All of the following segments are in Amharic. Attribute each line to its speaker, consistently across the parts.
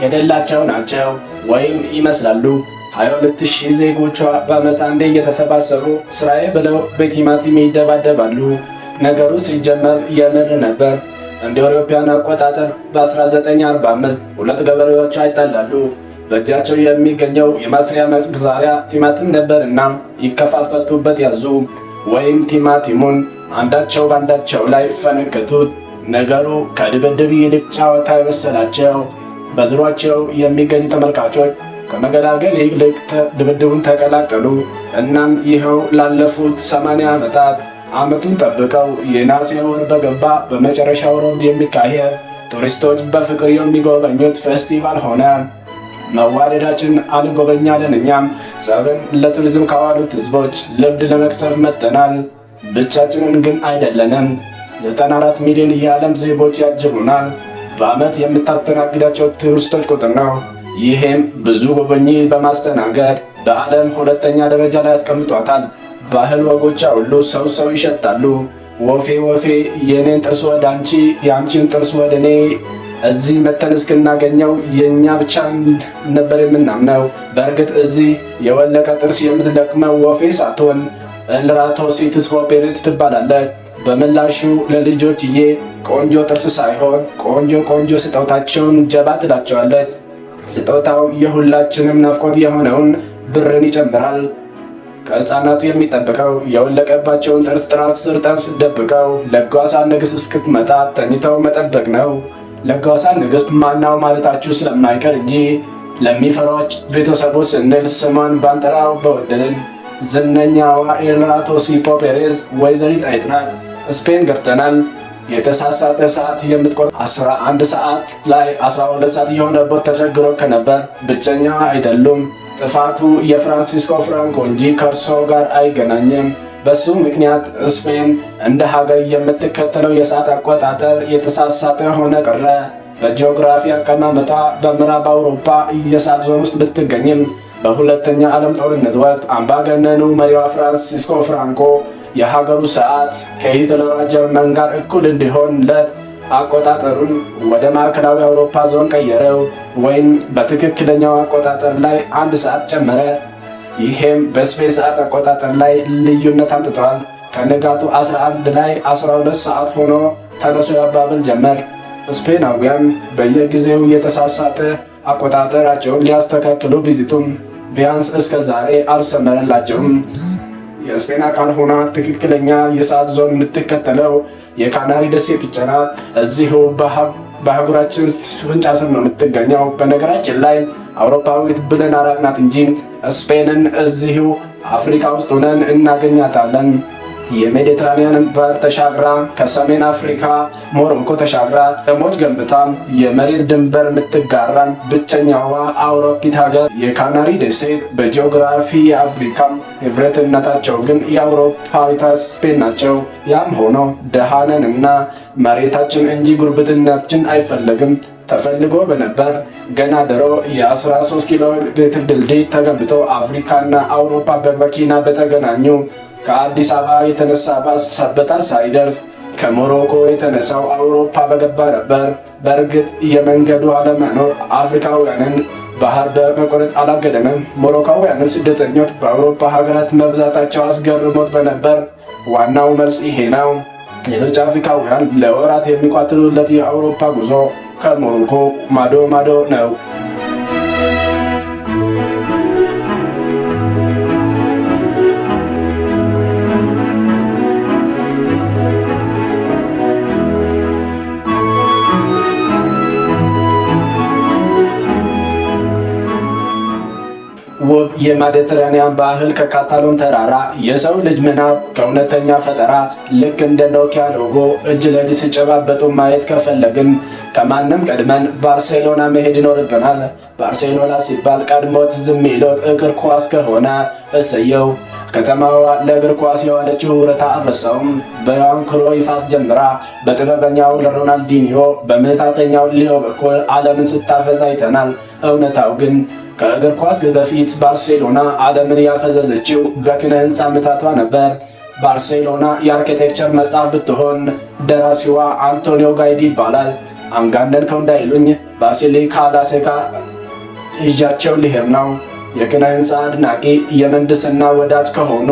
Speaker 1: የደላቸው ናቸው ወይም ይመስላሉ። 22000 ዜጎቿ በዓመት አንዴ እየተሰባሰቡ ስራዬ ብለው በቲማቲም ይደባደባሉ። ነገሩ ሲጀመር የምር ነበር። እንደ አውሮፓውያን አቆጣጠር በ1945 ሁለት ገበሬዎች አይጣላሉ። በእጃቸው የሚገኘው የማስሪያ መግዛሪያ ቲማቲም ነበርና ይከፋፈቱበት ያዙ፣ ወይም ቲማቲሙን አንዳቸው በአንዳቸው ላይ ፈነከቱት። ነገሩ ከድብድብ ይልቅ ጨዋታ የመሰላቸው በዙሪያቸው የሚገኙ ተመልካቾች ከመገላገል ይልቅ ድብድቡን ተቀላቀሉ። እናም ይኸው ላለፉት 80 ዓመታት ዓመቱን ጠብቀው የነሐሴ ወር በገባ በመጨረሻው ሮብ የሚካሄድ ቱሪስቶች በፍቅር የሚጎበኙት ፌስቲቫል ሆነ። መዋደዳችን አልጎበኛለን። እኛም ጸብን ለቱሪዝም ካዋሉት ህዝቦች ልምድ ለመቅሰፍ መጠናል። ብቻችንን ግን አይደለንም። 94 ሚሊዮን የዓለም ዜጎች ያጅቡናል። በዓመት የምታስተናግዳቸው ቱሪስቶች ቁጥር ነው። ይህም ብዙ ጎበኚ በማስተናገድ በዓለም ሁለተኛ ደረጃ ላይ ያስቀምጧታል። ባህል ወጎች አሉ፣ ሰው ሰው ይሸጣሉ። ወፌ ወፌ የእኔን ጥርስ ወደ አንቺ የአንቺን ጥርስ ወደ እኔ እዚህ መተን እስክናገኘው የእኛ ብቻ ነበር የምናምነው። በእርግጥ እዚህ የወለቀ ጥርስ የምትደክመው ወፌ ሳትሆን ኤልራቶሲቲስ ፖፔሬት ትባላለች። በምላሹ ለልጆችዬ ቆንጆ ጥርስ ሳይሆን ቆንጆ ቆንጆ ስጦታቸውን ጀባ ትላቸዋለች። ስጦታው የሁላችንም ናፍቆት የሆነውን ብርን ይጨምራል። ከህፃናቱ የሚጠብቀው የወለቀባቸውን ጥርስ ጥራት ስር ስደብቀው ለጓሳ ንግሥት እስክትመጣ ተኝተው መጠበቅ ነው። ለጓሳ ንግሥት ማናው ማለታችሁ ስለማይቀር እንጂ ለሚፈሯች ቤተሰቦች ስንል ስሟን ባንጠራው በወደልን። ዝነኛዋ ሲፖ ፔሬዝ ወይዘሪት አይጥናት ስፔን ገብተናል። የተሳሳተ ሰዓት የምትቆጥ 11 ሰዓት ላይ 12 ሰዓት የሆነበት ተቸግሮ ከነበር ብቸኛዋ አይደሉም። ጥፋቱ የፍራንሲስኮ ፍራንኮ እንጂ ከእርሶ ጋር አይገናኝም። በሱ ምክንያት ስፔን እንደ ሀገር የምትከተለው የሰዓት አቆጣጠር የተሳሳተ ሆነ ቀረ። በጂኦግራፊ አቀማመጧ በምዕራብ አውሮፓ የሰዓት ዞን ውስጥ ብትገኝም በሁለተኛ ዓለም ጦርነት ወቅት አምባገነኑ መሪዋ ፍራንሲስኮ ፍራንኮ የሀገሩ ሰዓት ከሂትለሯ ጀርመን ጋር እኩል እንዲሆንለት አቆጣጠሩን ወደ ማዕከላዊ አውሮፓ ዞን ቀየረው ወይም በትክክለኛው አቆጣጠር ላይ አንድ ሰዓት ጨመረ። ይሄም በስፔን ሰዓት አቆጣጠር ላይ ልዩነት አምጥተዋል። ከንጋቱ 11 ላይ 12 ሰዓት ሆኖ ተነሶ ያባብል ጀመር። ስፔናውያን በየጊዜው የተሳሳተ አቆጣጠራቸውን ሊያስተካክሉ ቢዝቱም ቢያንስ እስከ ዛሬ አልሰመረላቸውም። የስፔን አካል ሆና ትክክለኛ የሰዓት ዞን የምትከተለው የካናሪ ደሴት ጭራ እዚሁ በአህጉራችን ፍንጫ ስር ነው የምትገኘው። በነገራችን ላይ አውሮፓዊት ብለን አራቅናት እንጂ ስፔንን እዚሁ አፍሪካ ውስጥ ሆነን እናገኛታለን። የሜዲትራኒያንን ባህር ተሻግራ ከሰሜን አፍሪካ ሞሮኮ ተሻግራ ደሞች ገንብታ የመሬት ድንበር የምትጋራን ብቸኛዋ አውሮፒት ሀገር የካናሪ ደሴት በጂኦግራፊ የአፍሪካ ህብረትነታቸው ግን የአውሮፓዊቷ ስፔን ናቸው። ያም ሆኖ ደሃነን እና መሬታችን እንጂ ጉርብትናችን አይፈለግም ተፈልጎ በነበር ገና ድሮ የ13 ኪሎ ሜትር ድልድይ ተገንብቶ አፍሪካና አውሮፓ በመኪና በተገናኙ ከአዲስ አበባ የተነሳ ባስ ሰበታ ሳይደርስ ከሞሮኮ የተነሳው አውሮፓ በገባ ነበር። በእርግጥ የመንገዱ አለመኖር አፍሪካውያንን ባህር በመቆረጥ አላገደምም። ሞሮካውያንን ስደተኞች በአውሮፓ ሀገራት መብዛታቸው አስገርሞት በነበር። ዋናው መልስ ይሄ ነው። ሌሎች አፍሪካውያን ለወራት የሚቋትሉለት የአውሮፓ ጉዞ ከሞሮኮ ማዶ ማዶ ነው።
Speaker 2: የሜዲትራኒያን ባህል ከካታሎን ተራራ የሰው ልጅ ምናብ ከእውነተኛ ፈጠራ ልክ እንደ ኖኪያ ሎጎ እጅ ለእጅ ሲጨባበጡ ማየት ከፈለግን ከማንም ቀድመን ባርሴሎና መሄድ ይኖርብናል። ባርሴሎና ሲባል ቀድሞት ዝም ይሎት እግር ኳስ ከሆነ እሰየው። ከተማዋ ለእግር ኳስ የዋለችው ውረታ አልረሳውም። በዮሃን ክሮይፍ አስጀምራ በጥበበኛው ሮናልዲኒዮ በምታተኛው ሊዮ በኩል ዓለምን ስታፈዛ አይተናል። እውነታው ግን ከእግር ኳስ በፊት ባርሴሎና ዓለምን ያፈዘዘችው በኪነ ህንፃ ምታቷ ነበር። ባርሴሎና የአርኪቴክቸር መጽሐፍ ብትሆን ደራሲዋ አንቶኒዮ ጋይዲ ይባላል። አንጋነንከው እንዳይሉኝ ባሲሊካ ላሴካ እጃቸው ልሄድ ነው። የኪነ ህንፃ አድናቂ የምህንድስና ወዳጅ ከሆኑ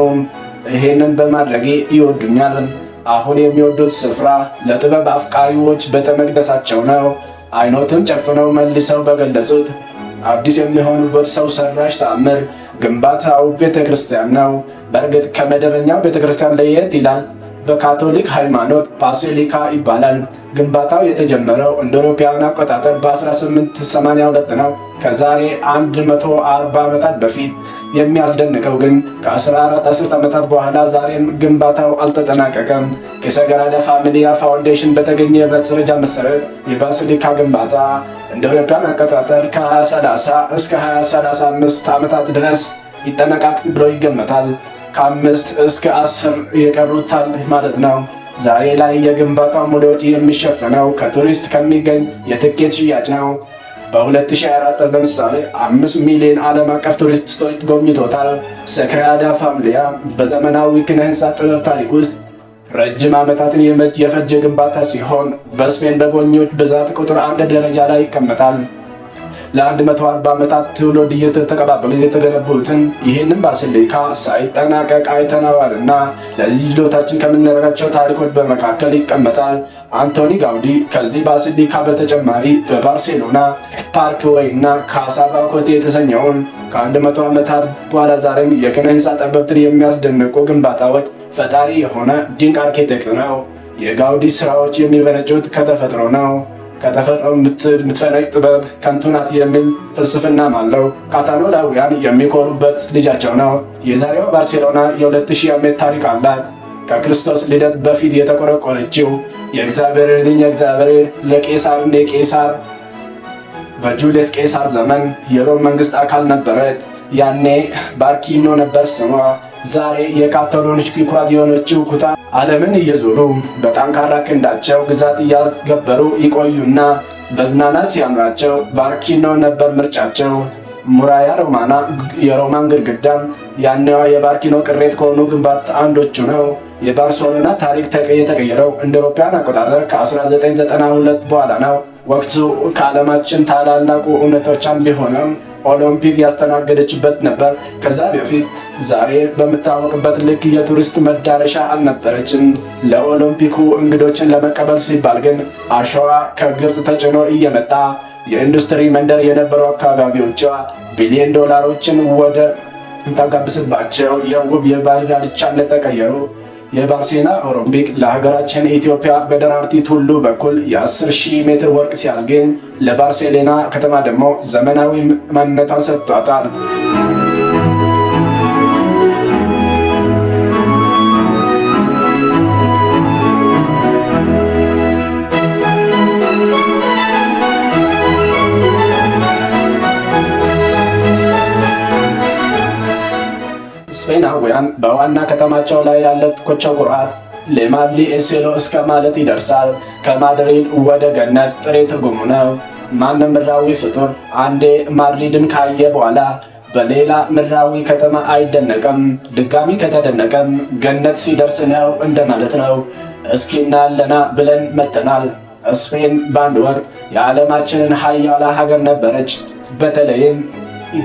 Speaker 2: ይሄንን በማድረጌ ይወዱኛል። አሁን የሚወዱት ስፍራ ለጥበብ አፍቃሪዎች ቤተ መቅደሳቸው ነው። አይኖትን ጨፍነው መልሰው በገለጹት አዲስ የሚሆኑበት ሰው ሰራሽ ተአምር ግንባታው ቤተ ክርስቲያን ነው። በእርግጥ ከመደበኛው ቤተ ክርስቲያን ለየት ይላል። በካቶሊክ ሃይማኖት ባሲሊካ ይባላል። ግንባታው የተጀመረው እንደ አውሮፓውያን አቆጣጠር በ1882 ነው፣ ከዛሬ 140 ዓመታት በፊት የሚያስደንቀው ግን ከ14 ዓመታት በኋላ ዛሬም ግንባታው አልተጠናቀቀም። ከሰገራዳ ፋሚሊያ ፋውንዴሽን በተገኘ የመረጃ መሰረት የባስሊካ ግንባታ እንደ አውሮፓውያን አቆጣጠር ከ2030 እስከ 2035 ዓመታት ድረስ ይጠናቀቅ ብሎ ይገመታል። ከአምስት እስከ አስር የቀሩታል ማለት ነው። ዛሬ ላይ የግንባታው ሙሉ የሚሸፈነው ከቱሪስት ከሚገኝ የትኬት ሽያጭ ነው። በ2024 ለምሳሌ 5 ሚሊዮን ዓለም አቀፍ ቱሪስቶች ጎብኝቶታል። ሰክራዳ ፋሚሊያ በዘመናዊ ኪነ ህንፃ ጥበብ ታሪክ ውስጥ ረጅም ዓመታትን የፈጀ ግንባታ ሲሆን በስፔን በጎብኚዎች ብዛት ቁጥር አንድ ደረጃ ላይ ይቀመጣል። ለ140 ዓመታት ትውልድ እየተቀባበሉ የተገነቡትን ይህንን ባስሌካ ሳይጠናቀቅ አይተነዋልና ለዚህ ችሎታችን ከምንነግራቸው ታሪኮች በመካከል ይቀመጣል። አንቶኒ ጋውዲ ከዚህ ባሲሊካ በተጨማሪ በባርሴሎና ፓርክ እና ካሳባ ኮቴ የተሰኘውን ከ100 ዓመታት በኋላ ዛሬም የኪነ ህንፃ ጠበብትን የሚያስደንቁ ግንባታዎች ፈጣሪ የሆነ ድንቅ አርኪቴክት ነው። የጋውዲ ስራዎች የሚበነጩት ከተፈጥሮ ነው። ከተፈጥሮ የምትፈነቅ ጥበብ ከንቱ ናት የሚል ፍልስፍናም አለው። ካታሎናውያን የሚኮሩበት ልጃቸው ነው። የዛሬዋ ባርሴሎና የ2000 ዓመት ታሪክ አላት። ከክርስቶስ ልደት በፊት የተቆረቆረችው የእግዚአብሔርን የእግዚአብሔር እንደ ቄሳር በጁልየስ ቄሳር ዘመን የሮም መንግስት አካል ነበረች። ያኔ ባርኪኖ ነበር ስሟ። ዛሬ የካቶሊክ ኩራት የሆነችው ኩታ ዓለምን እየዞሩ በጠንካራ ክንዳቸው ግዛት እያስገበሩ ይቆዩና በዝናናት ሲያምራቸው ባርኪኖ ነበር ምርጫቸው። ሙራያ ሮማና የሮማን ግድግዳ ያኔዋ የባርኪኖ ቅሬት ከሆኑ ግንባት አንዶቹ ነው። የባርሴሎና ታሪክ የተቀየረው እንደ አውሮፓውያን አቆጣጠር ከ1992 በኋላ ነው። ወቅቱ ከዓለማችን ታላላቁ እውነቶች ቢሆንም ኦሎምፒክ ያስተናገደችበት ነበር። ከዛ በፊት ዛሬ በምታወቅበት ልክ የቱሪስት መዳረሻ አልነበረችም። ለኦሎምፒኩ እንግዶችን ለመቀበል ሲባል ግን አሸዋ ከግብፅ ተጭኖ እየመጣ የኢንዱስትሪ መንደር የነበሩ አካባቢዎቿ ቢሊዮን ዶላሮችን ወደ ታጋብስባቸው የውብ የባህር ዳርቻነት የባርሴና ኦሎምፒክ ለሀገራችን ኢትዮጵያ በደራርቱ ቱሉ በኩል የ10 ሺህ ሜትር ወርቅ ሲያስገኝ ለባርሴሎና ከተማ ደግሞ ዘመናዊ ማንነቷን ሰጥቷታል። ኖርዌያን በዋና ከተማቸው ላይ ያለ ኮቸው ቁርአት ሌማሊ ኤሴሎ እስከ ማለት ይደርሳል። ከማድሪድ ወደ ገነት ጥሬ ትርጉሙ ነው። ማንም ምድራዊ ፍጡር አንዴ ማድሪድን ካየ በኋላ በሌላ ምድራዊ ከተማ አይደነቅም። ድጋሚ ከተደነቀም ገነት ሲደርስ ነው እንደማለት ነው። እስኪና ለና ብለን መተናል። ስፔን በአንድ ወቅት የዓለማችንን ሀያላ ሀገር ነበረች። በተለይም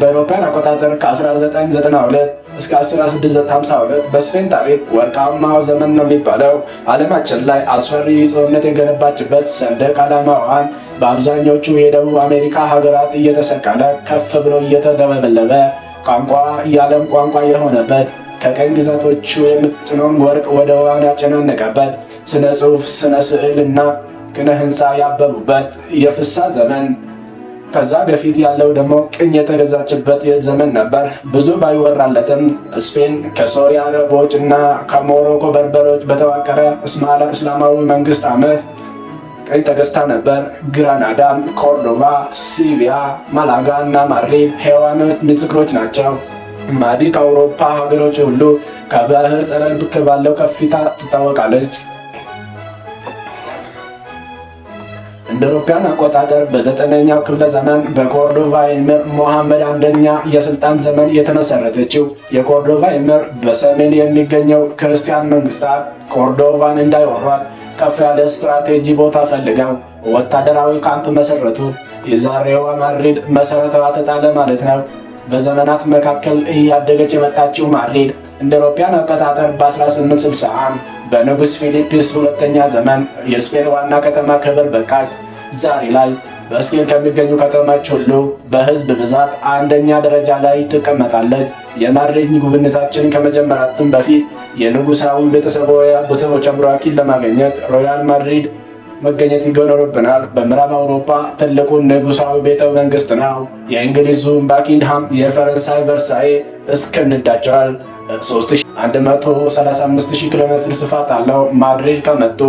Speaker 2: በአውሮፓውያን አቆጣጠር ከ1992 እስከ 1652 በስፔን ታሪክ ወርቃማው ዘመን ነው የሚባለው። ዓለማችን ላይ አስፈሪ ጦርነት የገነባችበት ሰንደቅ ዓላማዋን በአብዛኞቹ የደቡብ አሜሪካ ሀገራት እየተሰቀለ ከፍ ብሎ እየተደበለበ ቋንቋ የዓለም ቋንቋ የሆነበት ከቀኝ ግዛቶቹ የምትጭነውን ወርቅ ወደ ውሃን ያጨናነቀበት ስነ ጽሑፍ፣ ስነ ስዕል እና ክነ ህንፃ ያበቡበት የፍሳ ዘመን ከዛ በፊት ያለው ደግሞ ቅኝ የተገዛችበት ዘመን ነበር። ብዙ ባይወራለትም ስፔን ከሶሪያ አረቦች እና ከሞሮኮ በርበሮች በተዋቀረ እስላማዊ መንግስት ዓመት ቅኝ ተገዝታ ነበር። ግራናዳ፣ ኮርዶቫ፣ ሲቪያ፣ ማላጋ እና ማድሪድ ሔዋኖች ምስክሮች ናቸው። ማድሪድ ከአውሮፓ ሀገሮች ሁሉ ከባህር ብክ ባለው ከፍታ ትታወቃለች። እንደ አውሮፓውያን አቆጣጠር በዘጠነኛው ክፍለ ዘመን በኮርዶቫ ኤምር ሞሐመድ አንደኛ የስልጣን ዘመን የተመሰረተችው የኮርዶቫ ኤምር በሰሜን የሚገኘው ክርስቲያን መንግስታት ኮርዶቫን እንዳይወሯት ከፍ ያለ ስትራቴጂ ቦታ ፈልገው ወታደራዊ ካምፕ መሰረቱ። የዛሬዋ ማድሪድ መሰረተዋ ተጣለ ማለት ነው። በዘመናት መካከል እያደገች የመጣችው ማድሪድ እንደ አውሮፓውያን አቆጣጠር በ1861 በንጉሥ ፊሊፒስ ሁለተኛ ዘመን የስፔን ዋና ከተማ ክብር በቃች። ዛሬ ላይ በስኬል ከሚገኙ ከተሞች ሁሉ በህዝብ ብዛት አንደኛ ደረጃ ላይ ትቀመጣለች። የማድሪድ ጉብኝታችን ከመጀመራችን በፊት የንጉሳዊ ቤተሰቦች ቦታዎች አብራኪን ለማግኘት ሮያል ማድሪድ መገኘት ይገኖርብናል። በምዕራብ አውሮፓ ትልቁ ንጉሳዊ ቤተ መንግስት ነው። የእንግሊዙ ባኪንግሃም፣ የፈረንሳይ ቨርሳይ እስከንዳቸዋል። 3135 ኪሎ ሜትር ስፋት አለው። ማድሪድ ከመጡ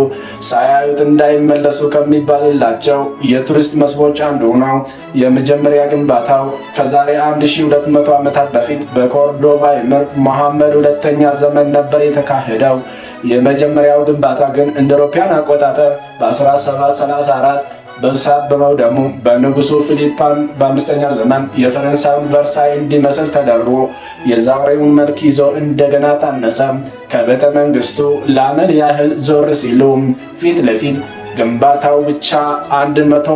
Speaker 2: ሳያዩት እንዳይመለሱ ከሚባልላቸው የቱሪስት መስህቦች አንዱ ነው። የመጀመሪያ ግንባታው ከዛሬ 1200 ዓመታት በፊት በኮርዶቫ የምር መሐመድ ሁለተኛ ዘመን ነበር የተካሄደው። የመጀመሪያው ግንባታ ግን እንደ አውሮፓውያን አቆጣጠር በ1734 በእሳት በመውደሙ በንጉሱ ፊሊፓን በአምስተኛው ዘመን የፈረንሳዩን ቨርሳይ እንዲመስል ተደርጎ የዛሬውን መልክ ይዞ እንደገና ታነሰ። ከቤተ መንግስቱ ለአመድ ያህል ዞር ሲሉ ፊት ለፊት ግንባታው ብቻ 104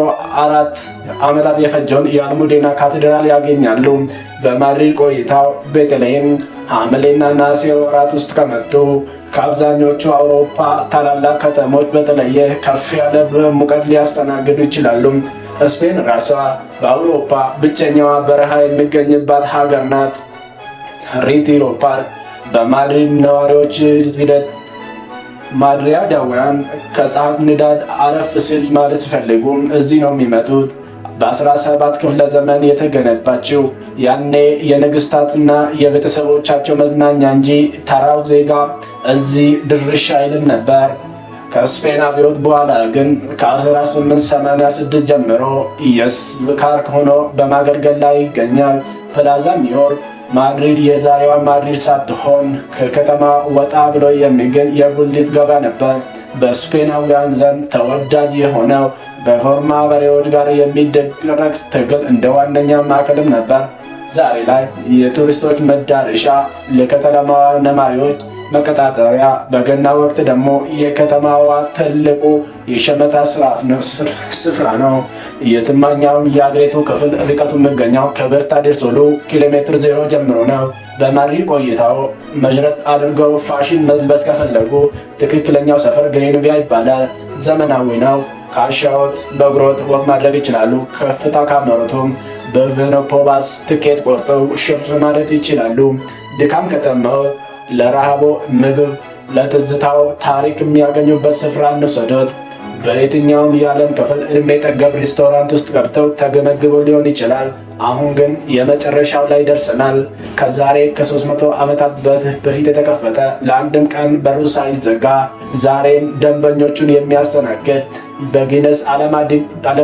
Speaker 2: ዓመታት የፈጀውን የአልሙዴና ካቴድራል ያገኛሉ። በማድሪድ ቆይታው በተለይም ሐምሌና ነሐሴ ወራት ውስጥ ከመጡ ከአብዛኞቹ አውሮፓ ታላላቅ ከተሞች በተለየ ከፍ ያለ ሙቀት ሊያስተናግዱ ይችላሉ። ስፔን ራሷ በአውሮፓ ብቸኛዋ በረሃ የሚገኝባት ሀገር ናት። ሪቲሮ ፓርክ በማድሪድ ነዋሪዎች ሂደት ማድሪያዳውያን ከፀሐይ ንዳድ አረፍ ሲል ማለት ሲፈልጉ እዚህ ነው የሚመጡት። በ17 ክፍለ ዘመን የተገነባችው ያኔ የነገስታትና የቤተሰቦቻቸው መዝናኛ እንጂ ተራው ዜጋ እዚህ ድርሻ አይልም ነበር። ከስፔን አብዮት በኋላ ግን ከ1886 ጀምሮ ካርክ ሆኖ በማገልገል ላይ ይገኛል። ፕላዛ ኒውዮርክ ማድሪድ የዛሬዋ ማድሪድ ሳትሆን ከከተማ ወጣ ብሎ የሚገኝ የጉሊት ገበያ ነበር። በስፔናውያን ዘንድ ተወዳጅ የሆነው በኮርማ በሬዎች ጋር የሚደረግ ትግል እንደ ዋነኛ ማዕከልም ነበር። ዛሬ ላይ የቱሪስቶች መዳረሻ ለከተማዋ ነማሪዎች መቀጣጠሪያ፣ በገና ወቅት ደግሞ የከተማዋ ትልቁ የሸመታ ስፍራ ነው። የትማኛውም የአገሪቱ ክፍል ርቀቱ የሚገኘው ከበርታ ዴል ሶሉ ኪሎ ሜትር ዜሮ ጀምሮ ነው። በማድሪድ ቆይታው መዥረት አድርገው ፋሽን መልበስ ከፈለጉ ትክክለኛው ሰፈር ግሬንቪያ ይባላል። ዘመናዊ ነው። ከአሻዎት በእግሮት ወቅ ማድረግ ይችላሉ። ከፍታ ካመሩቱም በቬኖፖባስ ትኬት ቆርጠው ሽር ማለት ይችላሉ። ድካም ከተማው ለረሃቦ ምግብ፣ ለትዝታው ታሪክ የሚያገኙበት ስፍራ እንውሰዶት። በየትኛውም የዓለም ክፍል እድሜ ጠገብ ሬስቶራንት ውስጥ ገብተው ተገመግበው ሊሆን ይችላል። አሁን ግን የመጨረሻው ላይ ደርሰናል። ከዛሬ ከ300 ዓመታት በፊት የተከፈተ ለአንድም ቀን በሩ ሳይዘጋ ዛሬም ደንበኞቹን የሚያስተናግድ በጊነስ ዓለም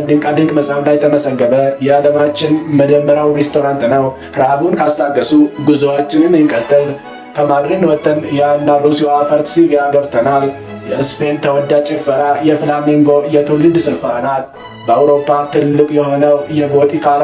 Speaker 2: ድንቃድንቅ መጽሐፍ ላይ የተመዘገበ የዓለማችን መጀመሪያው ሬስቶራንት ነው። ረሃቡን ካስታገሱ ጉዞዋችንን እንቀጥል። ከማድሪድ ወጥተን የአንዳሉሲያ ፈርትሲቪያ ገብተናል። የስፔን ተወዳጅ ጭፈራ የፍላሚንጎ የትውልድ ስፍራ ናት። በአውሮፓ ትልቅ የሆነው የጎቲካራ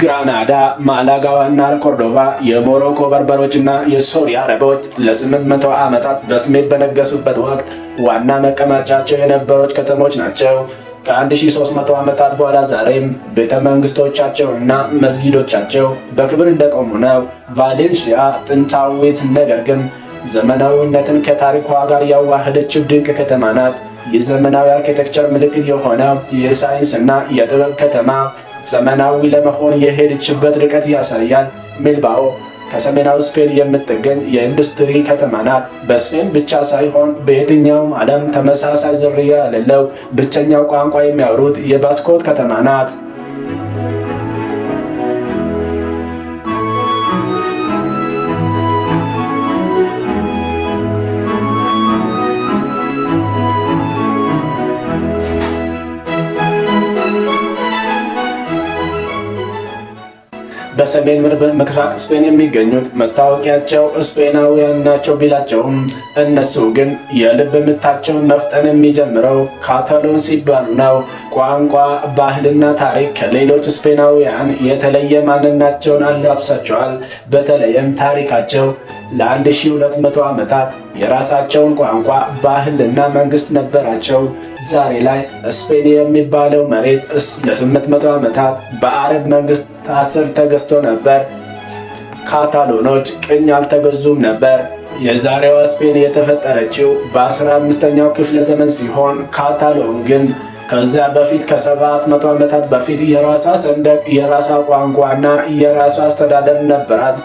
Speaker 2: ግራናዳ፣ ማላጋዋ እና ኮርዶቫ የሞሮኮ በርበሮች እና የሶሪያ አረቦች ለ800 ዓመታት በስሜት በነገሱበት ወቅት ዋና መቀመጫቸው የነበሩት ከተሞች ናቸው። ከ1300 ዓመታት በኋላ ዛሬም ቤተ መንግስቶቻቸው እና መስጊዶቻቸው በክብር እንደቆሙ ነው። ቫሌንሺያ ጥንታዊት ነገር ግን ዘመናዊነትን ከታሪኳ ጋር ያዋህደችው ድንቅ ከተማ ናት። የዘመናዊ አርኪቴክቸር ምልክት የሆነው የሳይንስ እና የጥበብ ከተማ ዘመናዊ ለመሆን የሄደችበት ርቀት ያሳያል። ሚልባኦ። ከሰሜናዊ ስፔን የምትገኝ የኢንዱስትሪ ከተማ ናት። በስፔን ብቻ ሳይሆን በየትኛውም ዓለም ተመሳሳይ ዝርያ የሌለው ብቸኛው ቋንቋ የሚያወሩት የባስኮት ከተማ ናት። በሰሜን ምስራቅ ስፔን የሚገኙት መታወቂያቸው ስፔናውያን ናቸው ቢላቸውም እነሱ ግን የልብ ምታቸውን መፍጠን የሚጀምረው ካታሎን ሲባሉ ነው። ቋንቋ፣ ባህልና ታሪክ ከሌሎች ስፔናውያን የተለየ ማንናቸውን አላብሳቸዋል። በተለይም ታሪካቸው ለ1200 ዓመታት የራሳቸውን ቋንቋ፣ ባህልና መንግስት ነበራቸው። ዛሬ ላይ ስፔን የሚባለው መሬት ለ800 ዓመታት በአረብ መንግስት ታስር ተገዝቶ ነበር። ካታሎኖች ቅኝ አልተገዙም ነበር። የዛሬዋ ስፔን የተፈጠረችው በ15ኛው ክፍለ ዘመን ሲሆን ካታሎን ግን ከዚያ በፊት ከሰባት መቶ ዓመታት በፊት የራሷ ሰንደቅ፣ የራሷ ቋንቋና የራሷ አስተዳደር ነበራት።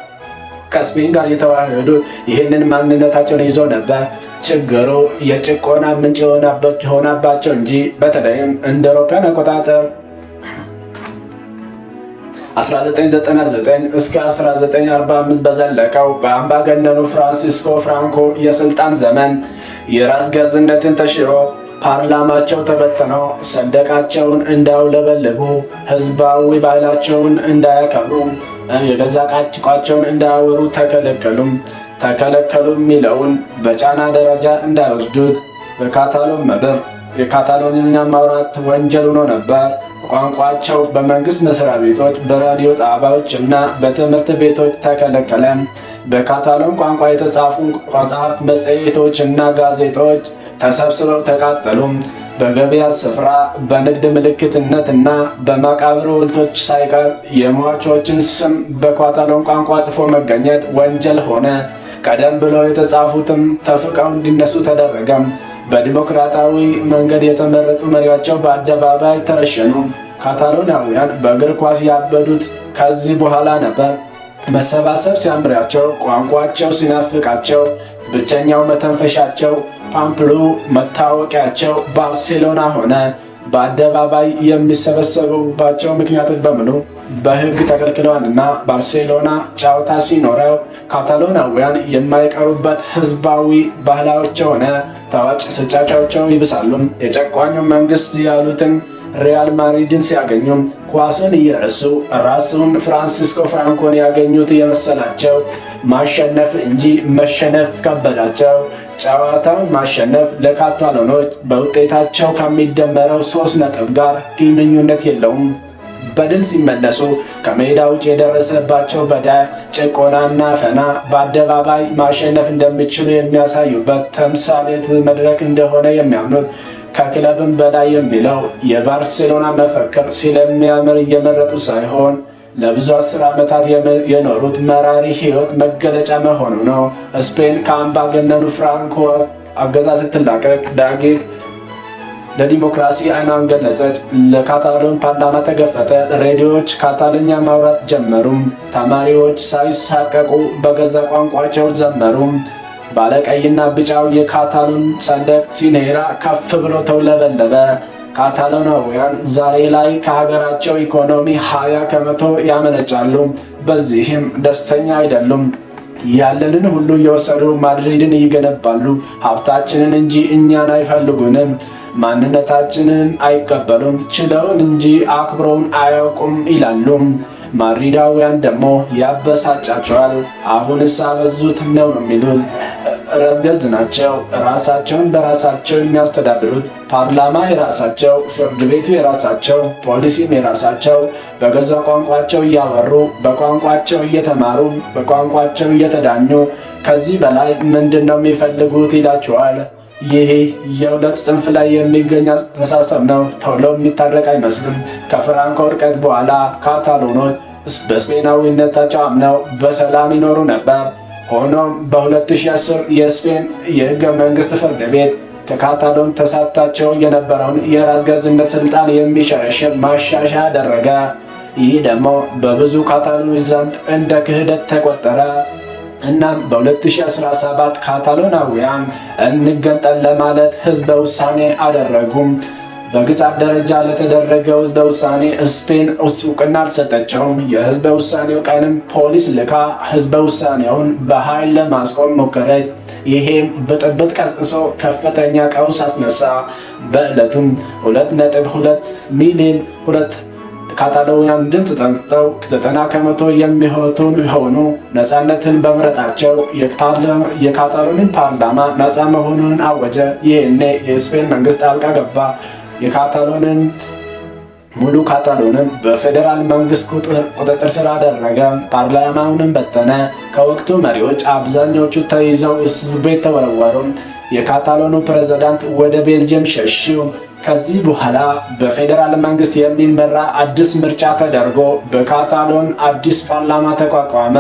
Speaker 2: ከስፔን ጋር እየተዋህዱ ይህንን ማንነታቸውን ይዞ ነበር። ችግሩ የጭቆና ምንጭ የሆናባቸው እንጂ በተለይም እንደ አውሮፓውያን አቆጣጠር 1999 እስከ 1945 በዘለቀው በአምባገነኑ ፍራንሲስኮ ፍራንኮ የስልጣን ዘመን የራስ ገዝነትን ተሽሮ ፓርላማቸው ተበትነው ሰንደቃቸውን እንዳውለበልቡ፣ ህዝባዊ ባህላቸውን እንዳያከብሩ፣ የገዛ ቃጭቋቸውን እንዳያወሩ ተከለከሉም ተከለከሉ የሚለውን በጫና ደረጃ እንዳይወስዱት በካታሎን መብር የካታሎንኛ ማውራት ወንጀል ሆኖ ነበር። ቋንቋቸው በመንግስት መስሪያ ቤቶች፣ በራዲዮ ጣቢያዎች እና በትምህርት ቤቶች ተከለከለ። በካታሎን ቋንቋ የተጻፉ መጽሐፍት፣ መጽሔቶች እና ጋዜጦች ተሰብስበው ተቃጠሉ። በገበያ ስፍራ በንግድ ምልክትነትና በመቃብር ውልቶች ሳይቀር የሟቾችን ስም በኳታሎን ቋንቋ ጽፎ መገኘት ወንጀል ሆነ። ቀደም ብለው የተጻፉትም ተፍቀው እንዲነሱ ተደረገ። በዲሞክራታዊ መንገድ የተመረጡ መሪያቸው በአደባባይ ተረሸኑ። ካታሎናውያን በእግር ኳስ ያበዱት ከዚህ በኋላ ነበር። መሰባሰብ ሲያምራቸው፣ ቋንቋቸው ሲናፍቃቸው፣ ብቸኛው መተንፈሻቸው ፓምፕሉ መታወቂያቸው ባርሴሎና ሆነ። በአደባባይ የሚሰበሰቡባቸው ምክንያቶች በሙሉ በሕግ ተከልክለዋልና ባርሴሎና ጨዋታ ሲኖረው ካታሎናውያን የማይቀሩበት ህዝባዊ ባህላቸው ሆነ ታዋጭ ስጫጫቸው ይብሳሉ። የጨቋኙ መንግስት ያሉትን ሪያል ማድሪድን ሲያገኙ ኳሱን እየረሱ ራሱን ፍራንሲስኮ ፍራንኮን ያገኙት የመሰላቸው ማሸነፍ እንጂ መሸነፍ ከበዳቸው። ጨዋታውን ማሸነፍ ለካታሎኖች በውጤታቸው ከሚደመረው ሶስት ነጥብ ጋር ግንኙነት የለውም። በድል ሲመለሱ ከሜዳ ውጭ የደረሰባቸው በዳይ ጭቆናና ፈና በአደባባይ ማሸነፍ እንደሚችሉ የሚያሳዩበት ተምሳሌት መድረክ እንደሆነ የሚያምኑት ከክለብም በላይ የሚለው የባርሴሎና መፈክር ስለሚያምር እየመረጡ ሳይሆን ለብዙ አስር ዓመታት የኖሩት መራሪ ሕይወት መገለጫ መሆኑ ነው። ስፔን ከአምባገነኑ ፍራንኮ አገዛዝ ስትላቀቅ ዳጌግ ለዲሞክራሲ አይኗን ገለጸች። ለካታሎን ፓርላማ ተገፈተ። ሬዲዮዎች ካታልኛ ማውራት ጀመሩ። ተማሪዎች ሳይሳቀቁ በገዛ ቋንቋቸው ዘመሩ። ባለቀይና ቢጫው የካታሎን ሰንደቅ ሲኔራ ከፍ ብሎ ተውለበለበ። ካታሎናውያን ዛሬ ላይ ከሀገራቸው ኢኮኖሚ 20 ከመቶ ያመነጫሉ። በዚህም ደስተኛ አይደሉም። ያለንን ሁሉ እየወሰዱ ማድሪድን ይገነባሉ። ሀብታችንን እንጂ እኛን አይፈልጉንም። ማንነታችንን አይቀበሉም። ችለውን እንጂ አክብረውን አያውቁም ይላሉ። ማድሪዳውያን ደግሞ ያበሳጫቸዋል። አሁንስ አበዙት ነው የሚሉት። ራስ ገዝ ናቸው። ራሳቸውን በራሳቸው የሚያስተዳድሩት ፓርላማ የራሳቸው፣ ፍርድ ቤቱ የራሳቸው፣ ፖሊሲም የራሳቸው፣ በገዛ ቋንቋቸው እያወሩ በቋንቋቸው እየተማሩ በቋንቋቸው እየተዳኙ ከዚህ በላይ ምንድን ነው የሚፈልጉት ይላችኋል። ይህ የሁለት ጽንፍ ላይ የሚገኝ አስተሳሰብ ነው። ተውሎ የሚታረቅ አይመስልም። ከፍራንኮ እርቀት በኋላ ካታሎኖች በስፔናዊነታቸው አምነው በሰላም ይኖሩ ነበር። ሆኖም በ2010 የስፔን የህገ መንግስት ፍርድ ቤት ከካታሎን ተሰጥቷቸው የነበረውን የራስ ገዝነት ስልጣን የሚሸረሽር ማሻሻ አደረገ። ይህ ደግሞ በብዙ ካታሎኖች ዘንድ እንደ ክህደት ተቆጠረ። እናም በ2017 ካታሎናውያን እንገንጠል ለማለት ህዝበ ውሳኔ አደረጉም። በግዛት ደረጃ ለተደረገው ህዝበ ውሳኔ ስፔን እውቅና አልሰጠቸውም። የህዝበ ውሳኔው ቀንም ፖሊስ ልካ ህዝበ ውሳኔውን በኃይል ለማስቆም ሞከረች። ይሄም ብጥብጥ ቀስቅሶ ከፍተኛ ቀውስ አስነሳ። በዕለቱም 2.2 ሚሊዮን ሁለት ካታሎውያን ድምፅ ጠንጥጠው ዘጠና ከመቶ የሚሆኑትን የሆኑ ነፃነትን በምረጣቸው የካታሎኒን ፓርላማ ነፃ መሆኑን አወጀ። ይህኔ የስፔን መንግስት አልቃ ገባ። የካታሎንን ሙሉ ካታሎንን በፌዴራል መንግስት ቁጥጥር ስር አደረገ። ፓርላማውንም በተነ። ከወቅቱ መሪዎች አብዛኛዎቹ ተይዘው እስር ቤት ተወረወሩ። የካታሎኑ ፕሬዝዳንት ወደ ቤልጅየም ሸሹ። ከዚህ በኋላ በፌዴራል መንግስት የሚመራ አዲስ ምርጫ ተደርጎ በካታሎን አዲስ ፓርላማ ተቋቋመ።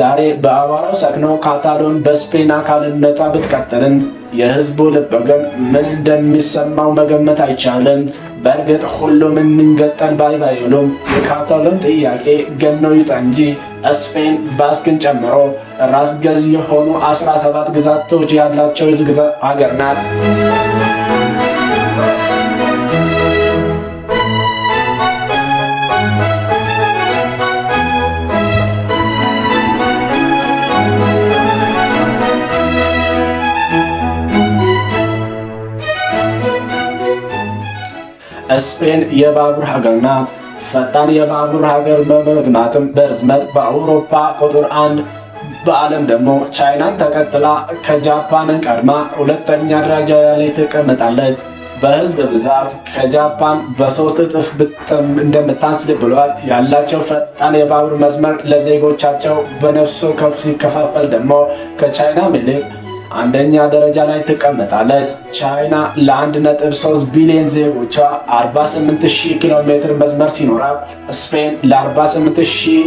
Speaker 2: ዛሬ በአቧራው ሰክኖ ካታሎን በስፔን አካልነቷ ብትቀጥልም የህዝቡ ልብ ግን ምን እንደሚሰማው መገመት አይቻልም። በእርግጥ ሁሉም እንንገጠል ባይ ባይሉም የካታሎን ጥያቄ ገኖ ይውጣ እንጂ ስፔን ባስክን ጨምሮ ራስ ገዝ የሆኑ 17 ግዛቶች ያላቸው ሀገር ናት። ስፔን የባቡር ሀገር ናት። ፈጣን የባቡር ሀገር በመግናትም በርዝመት በአውሮፓ ቁጥር አንድ በዓለም ደግሞ ቻይናን ተከትላ ከጃፓንን ቀድማ ሁለተኛ ደረጃ ላይ ትቀመጣለች። በህዝብ ብዛት ከጃፓን በሶስት እጥፍ እንደምታንስ ብሏል። ያላቸው ፈጣን የባቡር መስመር ለዜጎቻቸው በነፍስ ወከፍ ሲከፋፈል ደግሞ ከቻይና ሚልክ አንደኛ ደረጃ ላይ ትቀመጣለች። ቻይና ለ1.3 ቢሊዮን ዜጎቿ 48000 ኪሎ ሜትር መስመር ሲኖራት ስፔን ለ48000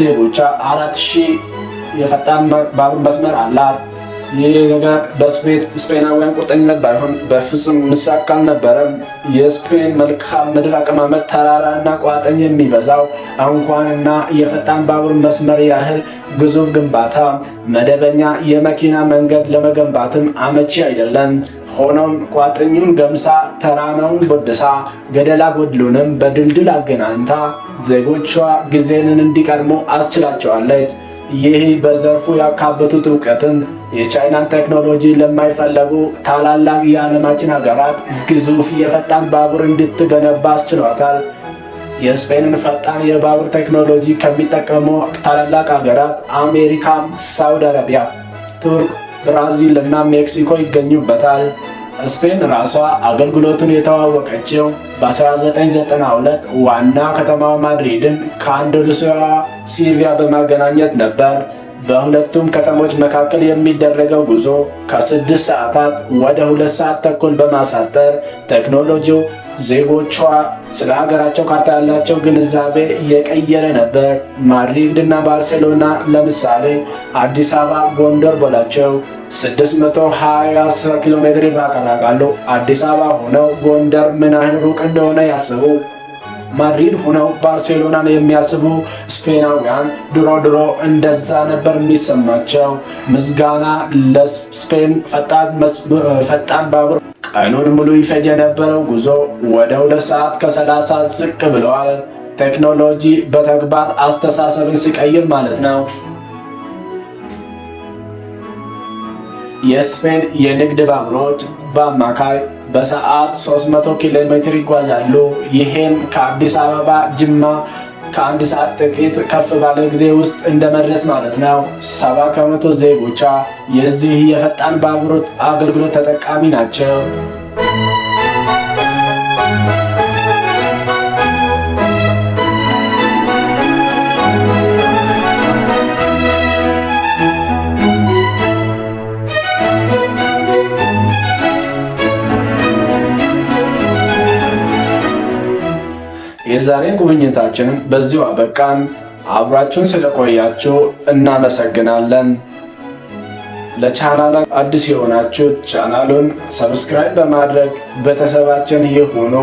Speaker 2: ዜጎቿ 4000 የፈጣን ባቡር መስመር አላት። ይህ ነገር በስፔናውያን ቁርጠኝነት ባይሆን በፍጹም ምሳካ አልነበረም። የስፔን መልካም ምድር አቀማመጥ ተራራ እና ቋጥኝ የሚበዛው እንኳንና የፈጣን ባቡር መስመር ያህል ግዙፍ ግንባታ መደበኛ የመኪና መንገድ ለመገንባትም አመቺ አይደለም። ሆኖም ቋጥኙን ገምሳ፣ ተራራውን ቦድሳ፣ ገደላ ጎድሉንም በድልድል አገናኝታ ዜጎቿ ጊዜንን እንዲቀድሞ አስችላቸዋለች። ይህ በዘርፉ ያካበቱት እውቀትን የቻይናን ቴክኖሎጂ ለማይፈለጉ ታላላቅ የዓለማችን ሀገራት ግዙፍ የፈጣን ባቡር እንድትገነባ አስችሏታል። የስፔንን ፈጣን የባቡር ቴክኖሎጂ ከሚጠቀሙ ታላላቅ ሀገራት አሜሪካ፣ ሳውዲ አረቢያ፣ ቱርክ፣ ብራዚል እና ሜክሲኮ ይገኙበታል። ስፔን ራሷ አገልግሎቱን የተዋወቀችው በ1992 ዋና ከተማዋ ማድሪድን ከአንዳሉሲያ ሲቪያ በማገናኘት ነበር። በሁለቱም ከተሞች መካከል የሚደረገው ጉዞ ከስድስት ሰዓታት ወደ ሁለት ሰዓት ተኩል በማሳጠር ቴክኖሎጂው ዜጎቿ ስለ ሀገራቸው ካርታ ያላቸው ግንዛቤ እየቀየረ ነበር። ማድሪድ እና ባርሴሎና ለምሳሌ አዲስ አበባ ጎንደር በላቸው 620 ኪሎ ሜትር ይራቀላቃሉ። አዲስ አበባ ሆነው ጎንደር ምን ያህል ሩቅ እንደሆነ ያስቡ። ማድሪድ ሆነው ባርሴሎናን የሚያስቡ ስፔናውያን ድሮ ድሮ እንደዛ ነበር የሚሰማቸው። ምስጋና ለስፔን ፈጣን ባቡር። ቀኑን ሙሉ ይፈጅ የነበረው ጉዞ ወደ ሁለት ሰዓት ከሰላሳ ዝቅ ብለዋል። ቴክኖሎጂ በተግባር አስተሳሰብን ሲቀይር ማለት ነው። የስፔን የንግድ ባቡሮች በአማካይ በሰዓት 300 ኪሎ ሜትር ይጓዛሉ። ይህም ከአዲስ አበባ ጅማ ከአንድ ሰዓት ጥቂት ከፍ ባለ ጊዜ ውስጥ እንደመድረስ ማለት ነው። ሰባ ከመቶ ዜጎቿ የዚህ የፈጣን ባቡር አገልግሎት ተጠቃሚ ናቸው። የዛሬን ጉብኝታችንን በዚሁ አበቃን። አብራችሁን ስለቆያችሁ እናመሰግናለን። ለቻናል አዲስ የሆናችሁ ቻናሉን ሰብስክራይብ በማድረግ ቤተሰባችን ይሁኑ።